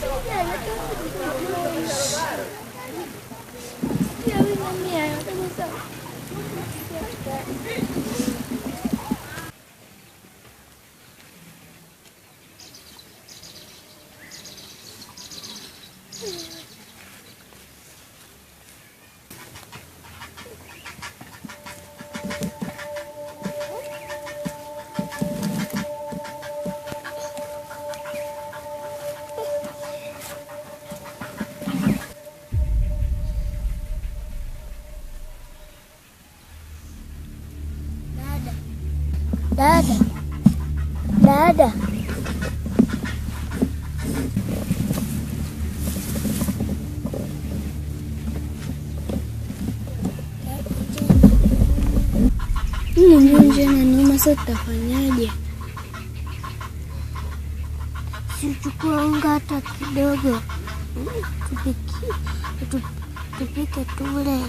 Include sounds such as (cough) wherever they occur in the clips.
Yeah. Dada, dada, mgonjwa na noma, sasa tutafanyaje? Sichukue unga hata kidogo, tupike tule.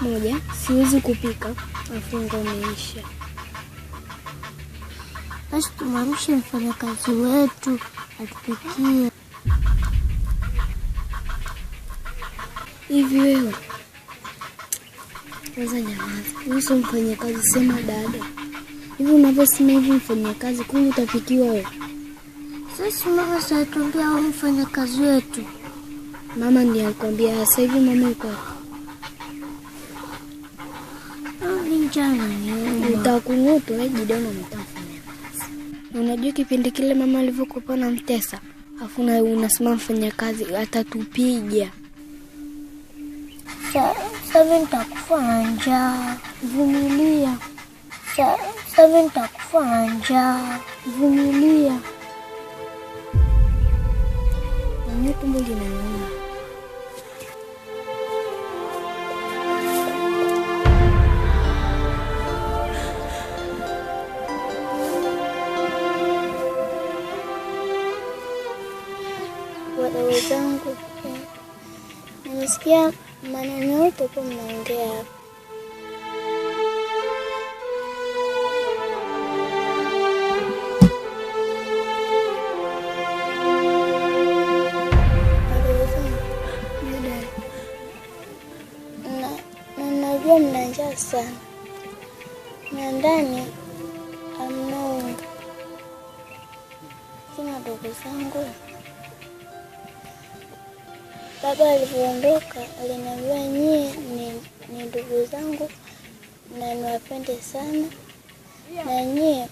Moja, siwezi kupika, afunga umeisha. eu Asimamishe mfanyakazi wetu atupikie. Hivi wewe kwanza, nyamaza. Huyu sio você sema dada. Hivi unavyosema hivi mfanyakazi, kumbe utapikiwa wewe. Sisi mama satuambia huyu mfanyakazi wetu. Mama ndiye alikwambia. Sasa hivi mama yuko Nitakung'uta wewe jidona Unajua kipindi kile mama alivyokuwa na mtesa, afu na unasimama mfanya kazi atatupiga. Sasa nitakufa na njaa, vumilia. Sasa nitakufa na njaa, vumilia. Tumbo lina mnaongea maneno yote tu mnaongea hapa. Najua mna njaa sana na ndani hamna unga, ndugu zangu Baba alivyoondoka aliniambia, nyie ni, ni ndugu zangu na niwapende sana na nyie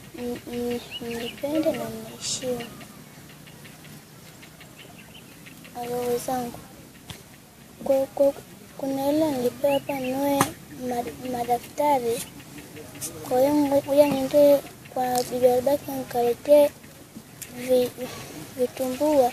mnipende na mniheshimu wadogo zangu. Kuna ile nilipewa hapa noe madaftari, kwa hiyo ngoja niende kwa bibi Albaki nikaletea vitumbua.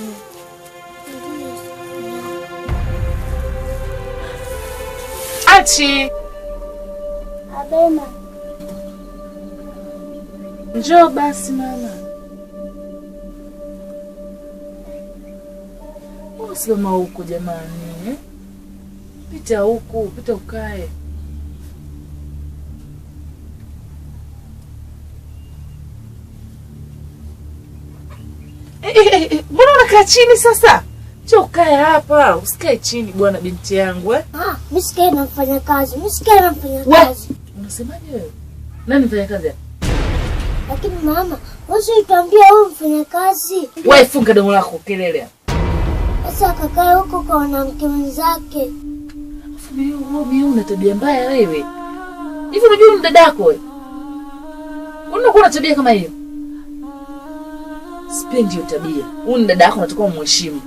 Kochi Abena, njoo basi mama. Usema huku jamani, eh? pita huku, pita ukae. Eh, eh, mbona unakaa chini sasa? Sio ukae hapa, usikae chini bwana binti yangu eh? Ah, mimi sikae na mfanya kazi. Mimi sikae na mfanya kazi. Unasemaje wewe? Nani mfanya kazi hapa? Lakini mama, wewe utaambia wewe mfanya kazi. Wewe funga domo lako kelele hapa. Sasa akakae huko kwa mwanamke mwenzake. Afu mimi wewe una tabia mbaya wewe. Hivi unajua ni dadako wewe? Unakuwa na tabia kama hiyo? Sipendi hiyo tabia. Huyu ni dadako, natakiwa umheshimu.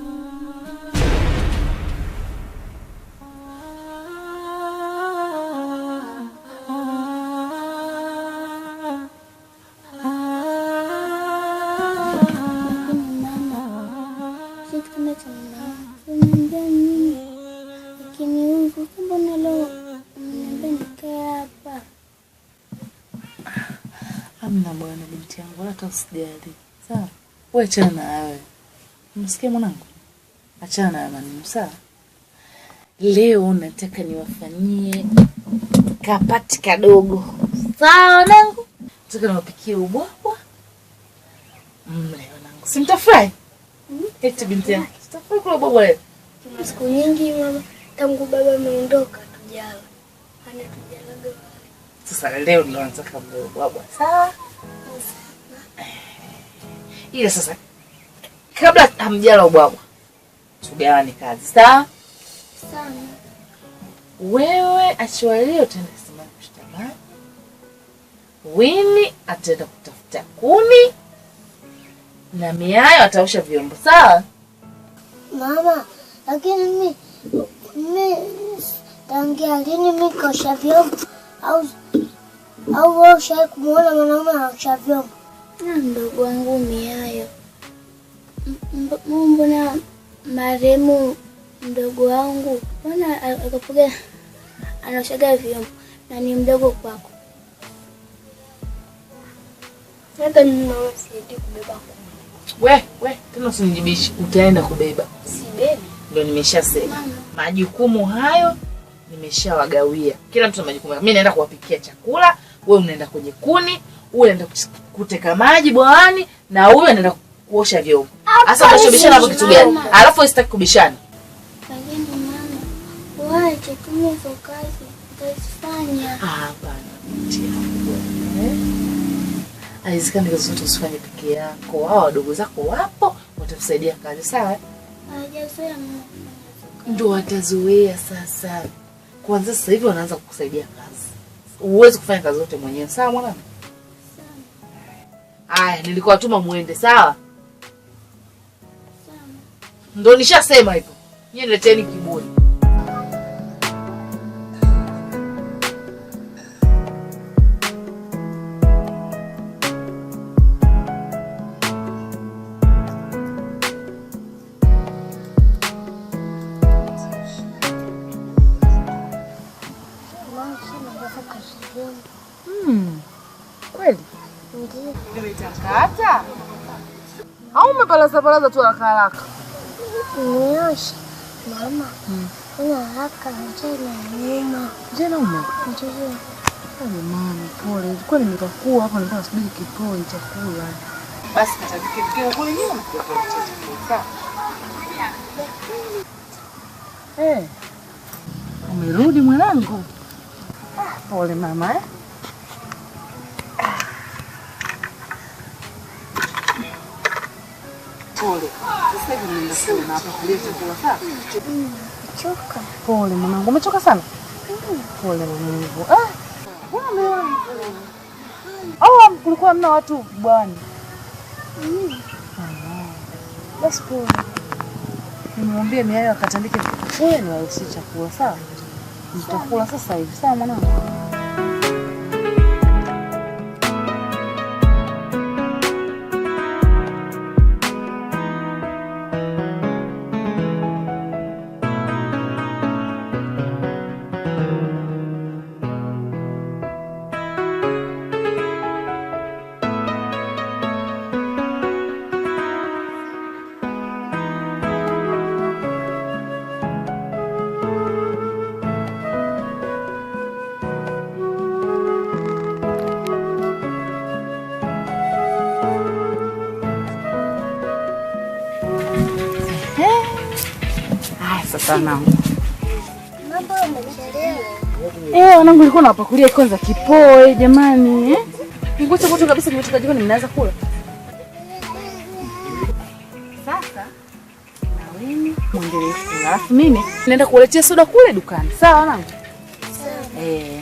kiniungu, mbona leo mniambia nikae hapa? Amna bwana, binti yangu, wala hata usijali. Sawa, wewe achana na hayo. Msikie mwanangu, achana na maneno sawa. Leo nataka niwafanyie kapati kadogo, sawa wanangu? Nataka niwapikie ubwabwa mle, wanangu, si hmm? Eti binti yangu, tutafurahi kula ubwabwa leo? Siku nyingi mama Tangu baba ameondoka tujala. Ana tujalaga wali. Sasa leo ndio nataka mdogo baba. Sawa? Eh. Ile sasa kabla hamjala ubwabwa tugawane kazi sawa? Sana. Wewe achiwalio utaenda simama Wini ataenda kutafuta kuni na miayo ataosha vyombo sawa? Mama, lakini mimi mimi tangia lini mimi vyombo au au wewe ushawahi kumuona mwanaume anaosha vyombo? wangu miayo, mbona maremu mdogo wangu, mbona akapiga anaoshaga vyombo na ni mdogo kwako? Hata mimi kubeba. We, we, tena utaenda kubeba. Sibebi ndio nimeshasema majukumu hayo nimeshawagawia, kila mtu na majukumu. Mimi naenda kuwapikia chakula, wewe unaenda kwenye kuni, wewe unaenda kuteka maji bwawani, na huyo anaenda kuosha vyombo. Hasa unashobishana hapo kitu gani? Alafu sitaki kubishana. Eh? Haiwezekani kazi zote usifanye peke yako, hao wadogo zako wapo watakusaidia kazi, sawa? Ndio watazoea sasa. Kwanza sasa hivi wanaanza kukusaidia kazi, huwezi kufanya kazi zote mwenyewe. Sawa mwanangu? Aya, nilikuwa tuma muende. Sawa, ndio nishasema hivyo. Nileteni Hmm. Kweli? Nimetakata? Au umepalaza palaza tu haraka haraka? Niosha. Mama. Una haraka njema nyuma. Njema pole. Kwa hapa Basi Umerudi mwanangu? Pole mama eh? Pole. Pole mwanangu, umechoka sana? Mm. Pole mwanangu. Ah, kulikuwa mna watu bwani? Mm. Ah, basi pole, nimwambie Miayo akatandike, wewe niwaruhusie chakula sawa? Nitakula sasa hivi. Sawa mwanangu. wanangu. Eh, wanangu nilikuwa nawapakulia kwanza kipoe jamani eh? Ngucho ngucho kabisa kimetoka jikoni mnaanza kula. Sasa na wewe muendelee Alafu mimi naenda kuwaletea soda kule dukani. Sawa wanangu? Sawa. Eh.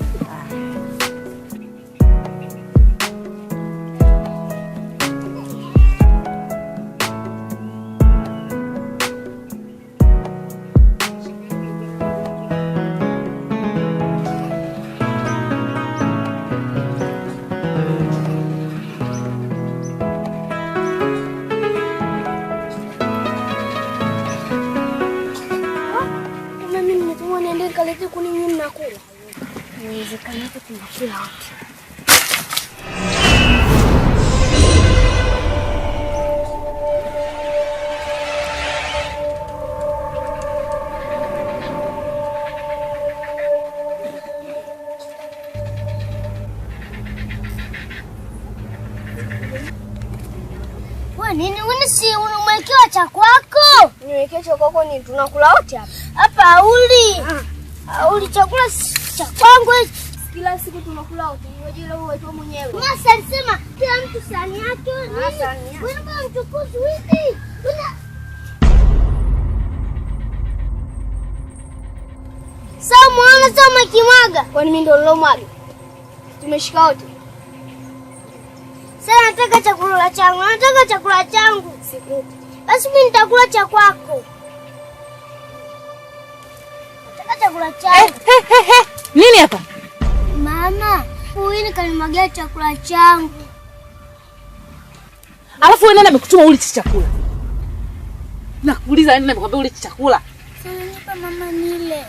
cha kwako? Niwekee cha kwako ni tunakula wote hapa. Hapa auli. Auli chakula cha kwangu kila siku tunakula wote. Ni wewe leo wewe mwenyewe. Mama alisema kila mtu sahani yake. Ah, Nini? Wewe mbona mchukuzi hivi? Una Sasa mwana sasa kimwaga. Kwani mimi ndio nilomwaga? Tumeshika wote. Sasa nataka chakula changu. Nataka chakula changu. Sikuti. Basi mimi nitakula cha kwako. Nataka chakula changu. Eh, eh, eh, eh. Nini hapa? Mama, huyu ni kanimwagia chakula changu. Alafu wewe nani amekutuma uli chakula? Nakuuliza nani amekwambia uli chakula? Sasa mama nile.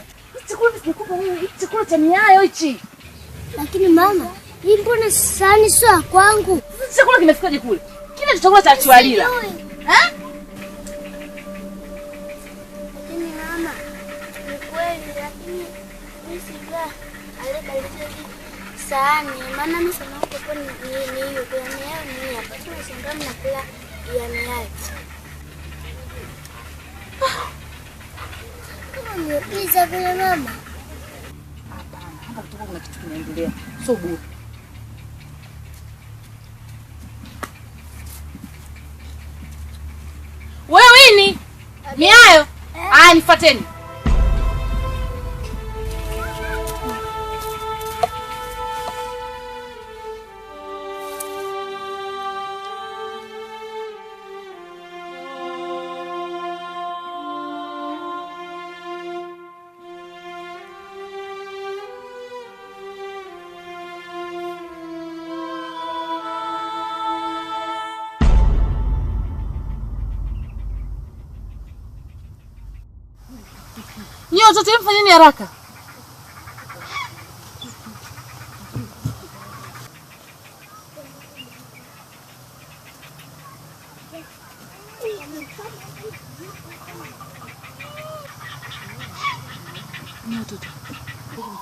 Chakula kikubwa wewe, chakula cha nyayo hichi. Lakini mama, hii mbona sani sio kwangu? Chakula kimefikaje kule? Kile chakula cha Chiwalila. Eh? singa ale maana mimi sana ni ni hiyo kwa ni ni hapa tu ya miaji ah, kama mama hapana hapa kutoka kuna kitu kinaendelea so wewe wini miayo eh? aya nifuateni watoto mfanyeni haraka.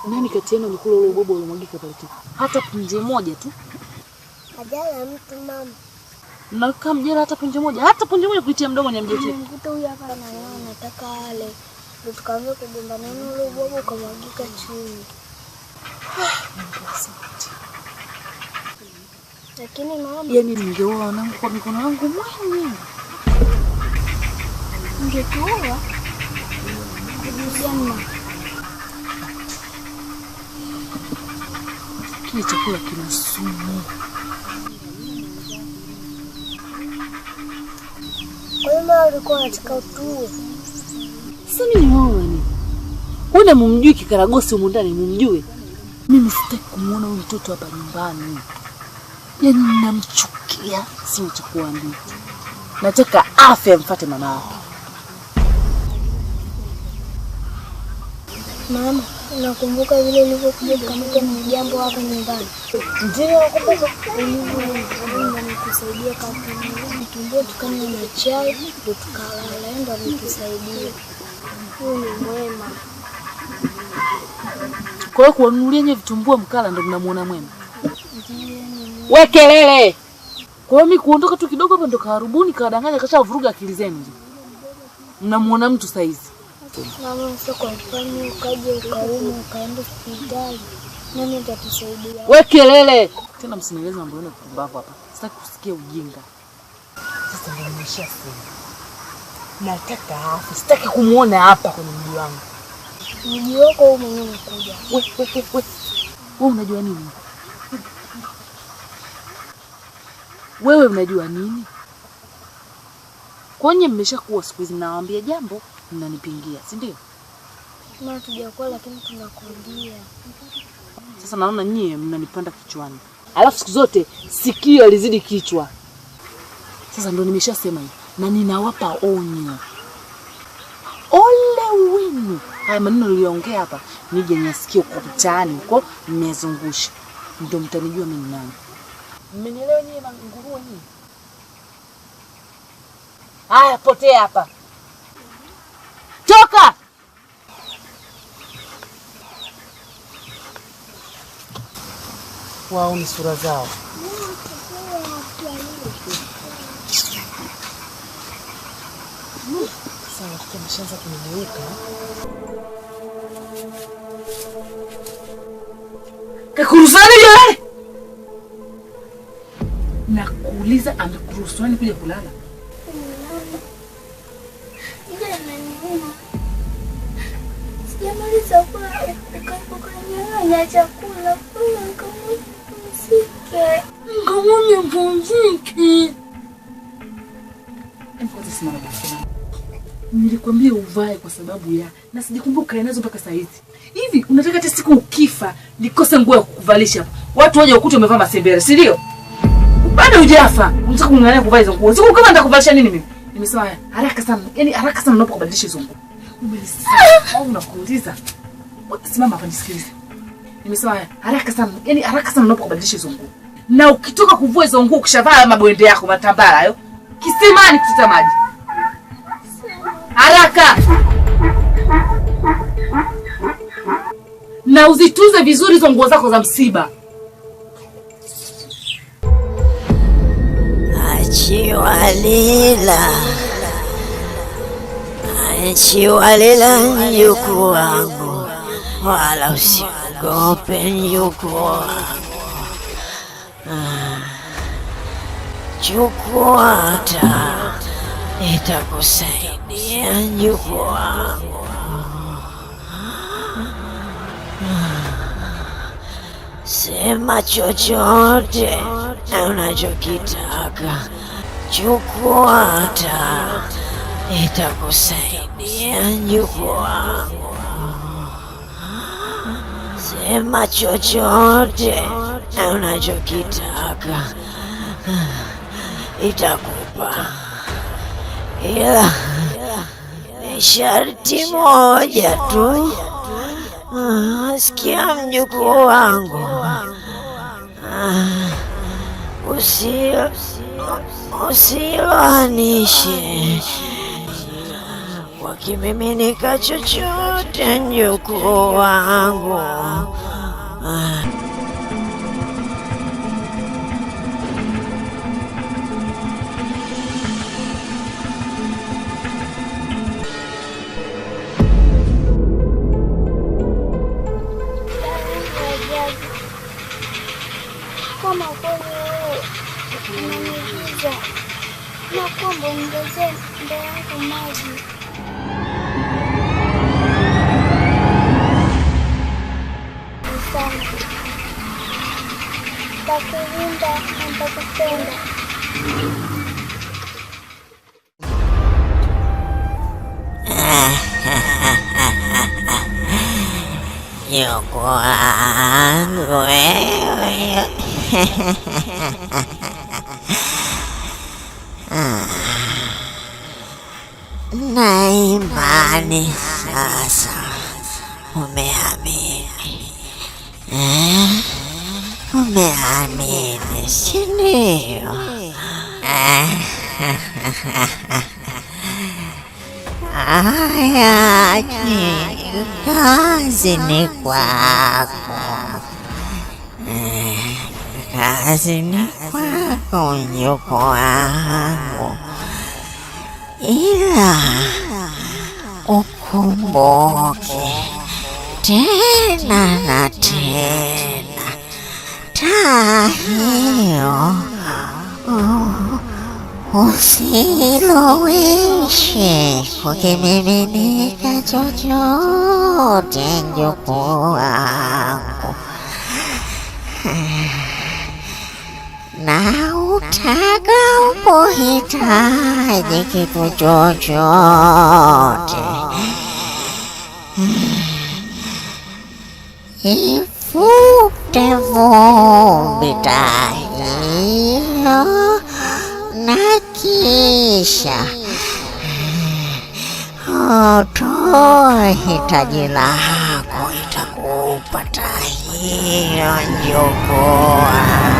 nani kati yenu alikula ule ubobo uliomwagika pale tu? Hata punje moja tu ajala mtu mama na kama mjera hata punje moja, hata punje moja kuitia mdomo nyamjete. Mkuta huyu hapa anaona anataka ale ndio tukaanza kugombanana, ule ubwabwa ukamwagika chini. Lakini mama, yani ningeoa wanangu kwa mikono yangu mwenyewe, ningetuoa kujuzana kile chakula kina sumu. Kwa hiyo alikuwa anataka utue simnione ule mumjui kikaragosi humu ndani mumjui. Mimi sitaki kumuona huyu mtoto hapa nyumbani, yaani namchukia, si cha kuambia. Nataka afya mfate mama yake. Mama, nakumbuka vile ulivyokuja kukamata mjambo hapa nyumbani. Ndio nakumbuka ulivyokusaidia katumbua tukanywa na chai, ndo tukalala, ndo nikusaidia ni mwema. Kwa hiyo kuwanunulia nyewe vitumbua mkala ndo mnamuona mwema? We kelele! Kwa hiyo mi kuondoka tu kidogo hapa ndo kaharubuni kawadanganya kashavuruga akili zenu, mnamuona mtu saizi. Mama, sio kwa mfano ukaje ukaumwa ukaenda hospitali, nani atatusaidia? We kelele tena, msinieleze mambo yenu ya kupumbavu hapa, sitaki kusikia ujinga. Sasa ndio nimeshasema Nataka afu, sitaki kumwona hapa kwenye mji wangu. Mji wako wewe mwenyewe unakuja. Wewe wewe wewe. Wewe unajua nini? Wewe unajua nini? Kwenye mmeshakuwa siku hizi nawaambia jambo mnanipingia, si ndio? Mara tujakuwa lakini tunakulia. Sasa naona nyie mnanipanda kichwani. Alafu siku zote sikio lizidi kichwa. Sasa ndo nimeshasema hivi na ninawapa onyo. Ole wenu! Haya maneno niliongea hapa, nije niasikie kwa mtaani huko, mmezungusha, ndio mtanijua mimi nani. Mmenielewa nyie na nyie? Haya, potea hapa, toka! Wao ni sura zao yake ameshaanza kunungunika. Kakurusani Nakuuliza amekuruhusuani kuja kulala? chakula, nilikwambia uvae kwa sababu ya na sijikumbuka nazo mpaka saa hizi. Hivi unataka hata siku ukifa nikose nguo ya kukuvalisha hapa. Watu waje ukute umevaa masembere, si ndio? Bado hujafa. Unataka kung'ang'ania kuvaa hizo nguo. Siku kama nitakuvalisha nini mimi? Nimesema haraka sana. Yaani haraka sana unapo kubadilisha hizo nguo. Umenisema au unakuuliza? Simama hapa nisikilize. Nimesema haraka sana. Yaani haraka sana unapo kubadilisha hizo nguo. Na ukitoka kuvua hizo nguo ukishavaa mabwende yako matambara hayo. Kisimani tuta maji haraka na uzitunze vizuri hizo nguo zako za msiba. Achiwalila, achiwalila mjukuu wangu, wala usiogope mjukuu wangu, ah, chukua taa Nitakusaidia mjukuu wangu. Sema chochote na unachokitaka, chukua hata, nitakusaidia mjukuu wangu. Sema chochote na unachokitaka, itakupa ila ni sharti moja tu. Ah, sikia mjukuu wangu, ah, usiloanishe wakimiminika chochote, mjukuu wangu. Ah. đến đến trên bé có màu gì Takuyinda antakupenda. Nhiều quá người (laughs) na imani sasa umeamini eh? Umeamini si ndio? Aya, kazi ni kwako, eh, kazi ni kwako, mjukuu wangu. 이야 오쿠모게 테나나 테나 다해요 어, 오세로웨시 고개매매네가 져조 댕겨보아고 나우 차가워 보이다 내게 보조줘 이 부대봅니다 나기샤 어토히타지 나고 이타고 바타히 연조고아